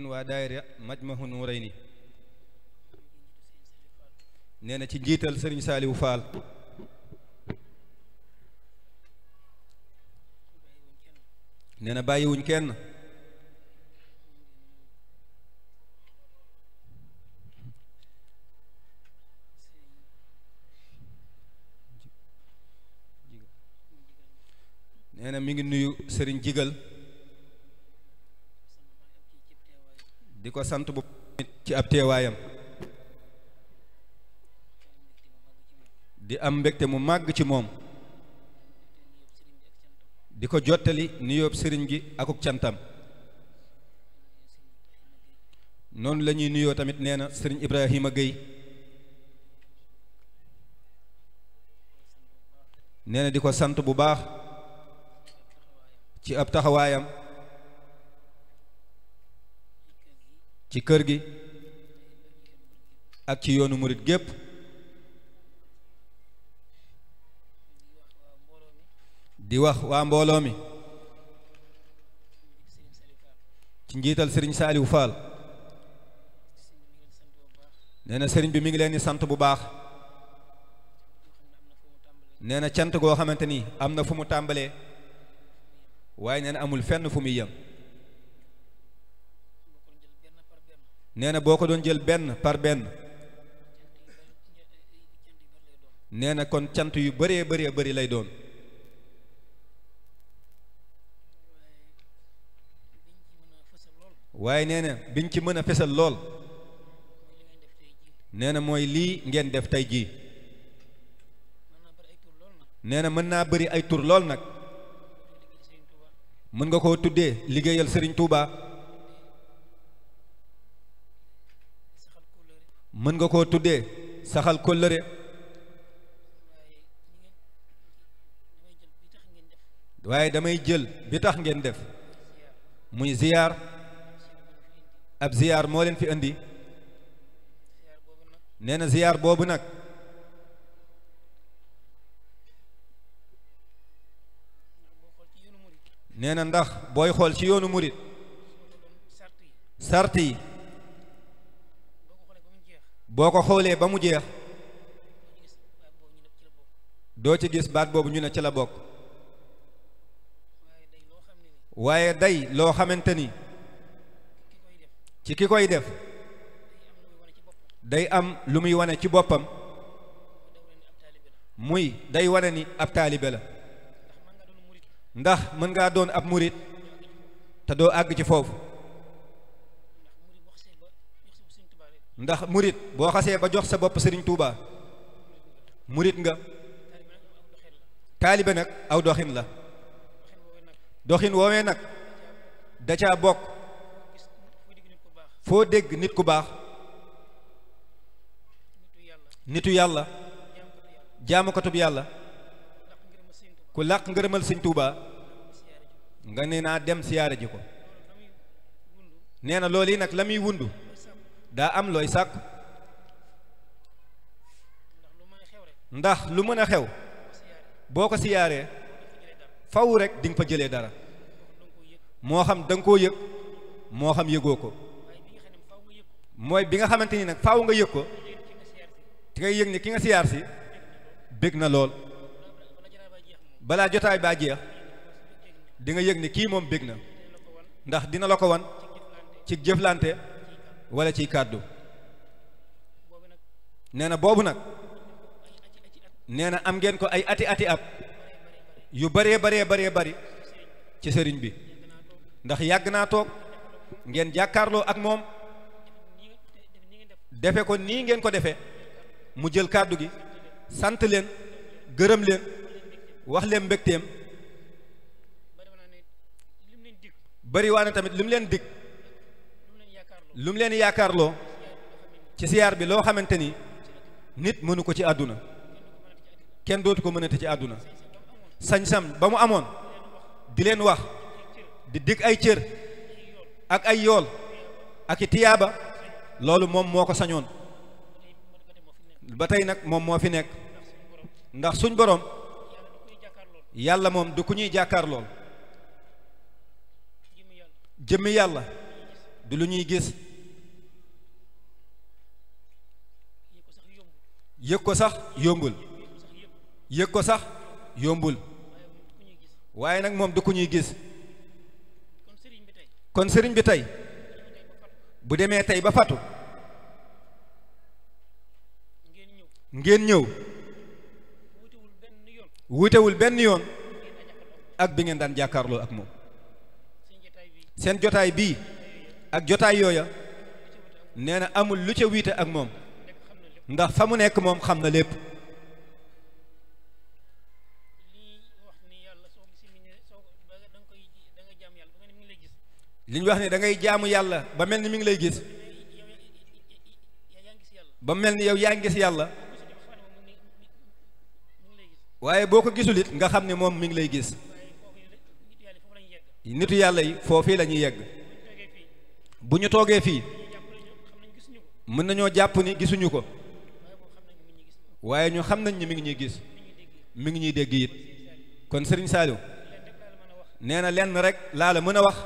nena waa ci njiital sëriñ Saaliwu Faal nee na bàyyiwuñ mi ngi nuyu sëriñ Jigal di ko sant bu ci ab teewaayam di am mbegte mu màgg ci moom di ko jottali nuyoob sëriñ gi akuk cantam noonu lañuy ñuy nuyoo tamit nee na sëriñ Ibrahima Gueye nee na di ko sant bu baax ci ab taxawaayam ci kër gi ak ci yoonu murit gépp di wax waa mbooloo mi ci njiital sëriñ Saaliw Faal nee na sëriñ bi mu ngi leen di sant bu baax nee na cant goo xamante ni am na fu mu tàmbalee waaye nee na amul fenn fu muy yem nee na boo ko doon jël benn par benn nee na kon cant yu bëree bëree bëri lay doon waaye nee na biñ ci mën a fesal lool neena mooy lii ngeen def tey jii nee na mën naa bëri ay tur lool nag mën nga koo tuddee liggéeyal sëriñ Touba. mën nga koo tuddee saxal kóllëre waaye damay jël bi tax ngeen def muy ziyaar ab ziyaar moo leen fi indi nee na ziyaar boobu nag nee na ndax booy xool ci yoonu murit sart yi boo ko xoolee ba mu jeex doo ci gis baat boobu ñu ne ci la bokk waaye day loo xamante ni ci ki koy def day am lu muy wane ci boppam muy day wane ni ab taalibe la ndax mën ngaa doon ab murit te doo àgg ci foofu ndax murit boo xasee ba jox sa bopp Serigne Touba murit nga taalibe nag aw doxin la doxin woowee nag da caa bokk foo dégg nit ku baax nitu yàlla jaamukatub yàlla ku làq ngërëmal Sëñ Tuuba nga ne naa dem siyaare ji ko nee na loolu yi nag la muy wundu daa am looy sàkku ndax lu mën a xew boo ko siyaaree faw rek di nga fa jëlee dara moo xam da koo yëg moo xam yëgoo ko mooy bi nga xamante ni nag faw nga yëg ko te ngay yëg ni ki nga siyaar si bég na lool balaa jotaay baa jeex di nga yëg ni kii moom bég na ndax dina la ko wan ci jëflante wala ciy kàddu nee na boobu nag nee na am ngeen ko ay ati ati ab yu bëree baree baree bari ci sëriñ bi ndax yàgg naa toog ngeen jàkkaarloo ak moom defe ko nii ngeen ko defee mu jël kàddu gi sant leen gërëm leen wax leen mbégteem bëri waa na tamit li mu leen dig lu mu leen yaakaarloo ci siyaar bi loo xamante ni nit mënu ko ci àdduna kenn dootu ko mënate ci àdduna sañ-sam ba mu amoon di leen wax di dig ay cër ak ay yool ak i tiyaaba loolu moom moo ko sañoon ba tey nag moom moo fi nekk ndax suñ boroom yàlla moom du ku ñuy jàkkaar lool jëmmi yàlla du lu ñuy gis yëg ko sax yombul yëg ko sax yombul waaye nag moom du ku ñuy gis kon sëriñ bi tey bu demee tey ba fatu ngeen ñëw wuutewul benn yoon ak bi ngeen daan jàkkaarloo ak moom seen jotaay bii ak jotaay yooya nee na amul lu ca wiite ak moom ndax fa mu nekk moom xam na lépp li ñu wax ne da ngay jaamu yàlla ba mel ni mu ngi lay gis ba mel ni yow yaa ngi gis yàlla waaye boo ko gisul it nga xam ne moom mi ngi lay gis nitu yàlla yi foofii la ñuy yegg bu ñu toogee fii mën nañoo jàpp ni gisuñu ko waaye ñu xam nañ ni mi ngi ñuy gis mi ngi ñuy dégg it kon sëriñ Saliou nee na lenn rek laa la mën a wax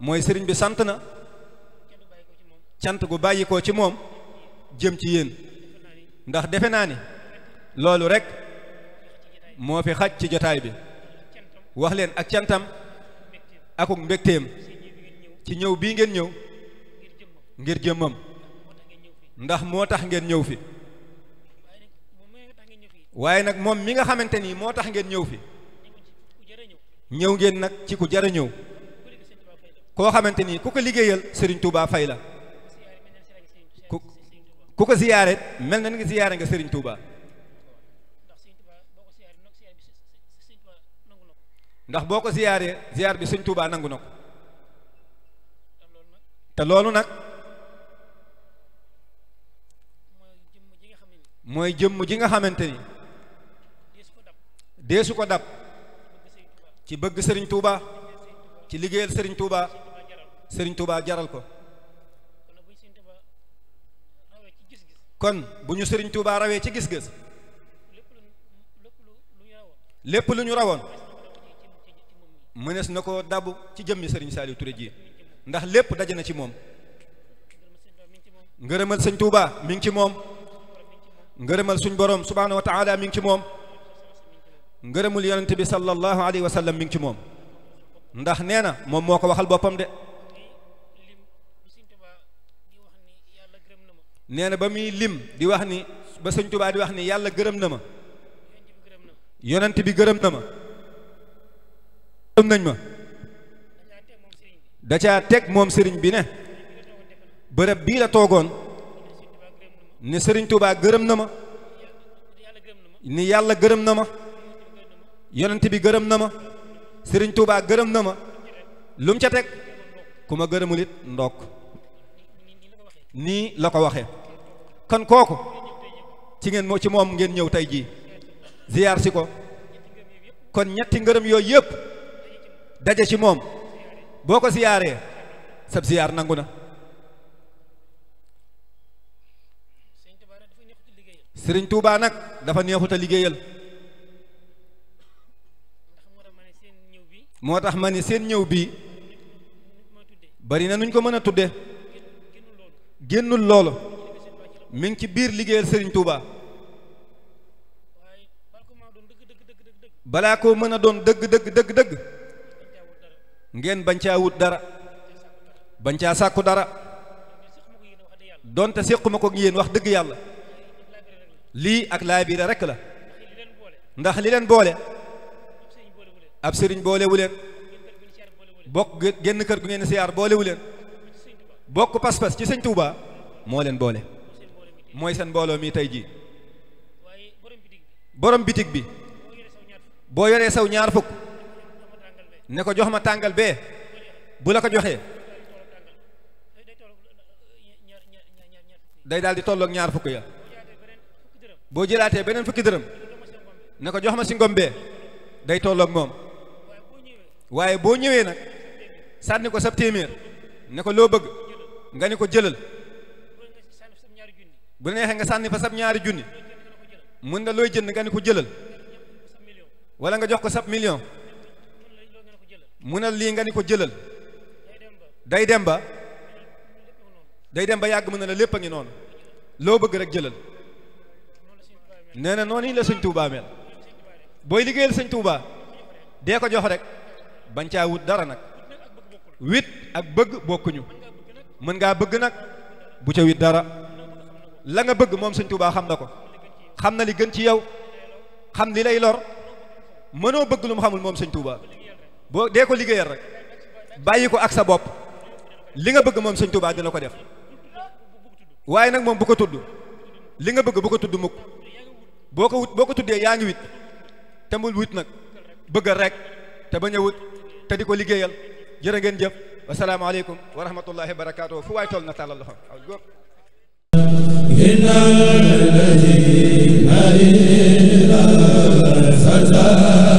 mooy sëriñ bi sant na cant gu bàyyikoo ci moom jëm ci yéen ndax defe naa ni loolu rek moo fi xaj ci jotaay bi wax leen ak cantam akuk mbégteem ci ñëw bii ngeen ñëw ngir jëmmam ndax moo tax ngeen ñëw fi waaye nag moom mi nga xamante ni moo tax ngeen ñëw fi ñëw ngeen nag ci ku jara ñëw koo xamante ni ku ko liggéeyal Serigne Touba fay la ku ku ko ziyaare mel na nga ziyaare nga Serigne Touba ndax boo ko ziyaaree ziyaar bi Serigne Touba nangu na ko te loolu nag mooy jëmm ji nga xamante ni deesu ko dab ci bëgg sëriñ Touba ci liggéeyal sëriñ Touba sëriñ Touba jaral ko kon bu ñu sëriñ Touba rawee ci gis-gis lépp lu ñu rawoon mënees na ko dabu ci jëmmi sëriñ Saliou Touré ji ndax lépp daje na ci moom ngërëmal sëñ Touba mi ngi ci moom ngërëmal suñ borom subhaanahu wa taala mi ngi ci moom ngërëmul yonent bi sallallahu alayhi wa sallam mi ngi ci moom ndax nee na moom moo ko waxal boppam de nee na ba muy lim di wax ni ba sëñ Tuubaa di wax ni yàlla gërëm na ma yonent bi gërëm na ma gërëm nañ ma da caa teg moom sëriñ bi ne bërëb bii la toogoon ni sëriñ Tuubaa gërëm na ma ni yàlla gërëm na ma yonent bi gërëm na ma sëriñ Tuubaa gërëm na ma lum ca teg ku ma gërëmul it ndokk nii la ko waxe kon kooku ci ngeen moo ci moom ngeen ñëw tey jii ziyaar si ko kon ñetti ngërëm yooyu yëpp daje ci moom boo ko ziyaaree sab ziyaar nangu na sëriñ Tuubaa nag dafa neexut liggéeyal moo tax ma ni seen ñëw bi bari na nuñ ko mën a tudde génnul loolu mi ngi ci biir liggéeyal Serigne Touba balaa koo mën a doon dëgg dëgg dëgg dëgg ngeen bañ caa wut dara bañ caa sàkku dara donte séquma ko yéen wax dëgg yàlla lii ak laabire rekk la ndax li leen boole ab sëriñ boolewu leen bokk génn kër gu ngeen siyaar boolewu leen bokk pas-pas ci sëñ Touba moo leen boole mooy seen mbooloo mii tey jii borom bitig bi boo yoree saw ñaar fukk ne ko jox ma tàngal bee bu la ko joxee day daal di tolloog ñaar fukk ya boo jëlaatee beneen fukki dërëm ne ko jox ma si ngom bee day tolloog moom waaye boo ñëwee nag sànni ko sab téeméer ne ko loo bëgg nga ni ko jëlal bu neexee nga sànni fa sab ñaari junni mun na looy jënd nga ni ko jëlal wala nga jox ko sab million mu ne lii nga ni ko jëlal day dem ba day dem ba yàgg mu na la lépp a ngi noonu loo bëgg rek jëlal nee na noonu la sëñ Tuubaa mel booy liggéeyal sëñ Tuubaa dee ko jox rek bañ caa wut dara nag wit ak bëgg bokkuñu mën ngaa bëgg nag bu ca wit dara la nga bëgg moom sëñ Tuubaa xam na ko xam na li gën ci yow xam li lay lor mënoo bëgg lu mu xamul moom sëñ Tuubaa boo dee ko liggéeyal rek bàyyi ko ak sa bopp li nga bëgg moom sëñ Tuubaa dina ko def waaye nag moom bu ko tudd li nga bëgg bu ko tudd mukk boo ko wut boo ko tuddee yaa ngi wit te mul wut nag bëgg rek te bañ a wut te di ko liggéeyal jërë ngeen jëf wasalaamaaleykum wa rahmatullahi wa barakaatu fu waay toll na tàllal loxo aw góor